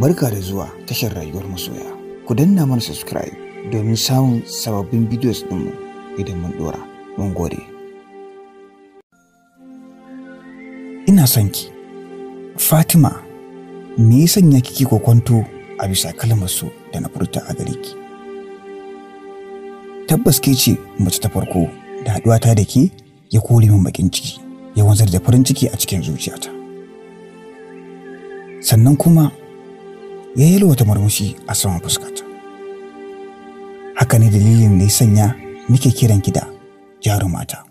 Barka da zuwa tashar rayuwar masoya. Ku danna mana subscribe domin samun sababbin videos ɗinmu idan mun ɗora. Mun gode. Ina son ki. Fatima, me ya sanya kike kwanto a bisa kalmar su da na furta a gare ki? Tabbas ke ce mace ta farko da haɗuwa ta da ke ya kore min bakin ciki, ya wanzar da farin ciki a cikin zuciyata. Sannan kuma ya yi wata murmushi a saman fuskata haka ne dalilin da ya sanya muke kiran ki da jarumata